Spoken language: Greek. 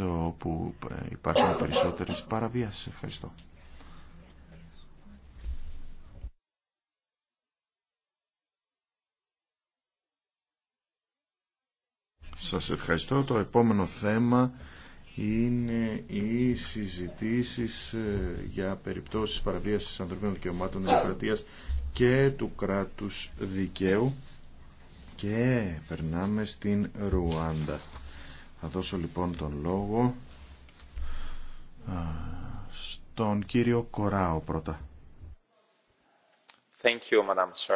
όπου ε, υπάρχουν περισσότερες παραβιάσεις. Ευχαριστώ. Σας ευχαριστώ. Το επόμενο θέμα είναι οι συζητήσεις ε, για περιπτώσεις παραβίασης ανθρωπίνων δικαιωμάτων, δημοκρατίας και του κράτους δικαίου και περνάμε στην Ρουάντα. Θα δώσω λοιπόν τον λόγο στον κύριο Κοράο πρώτα. Thank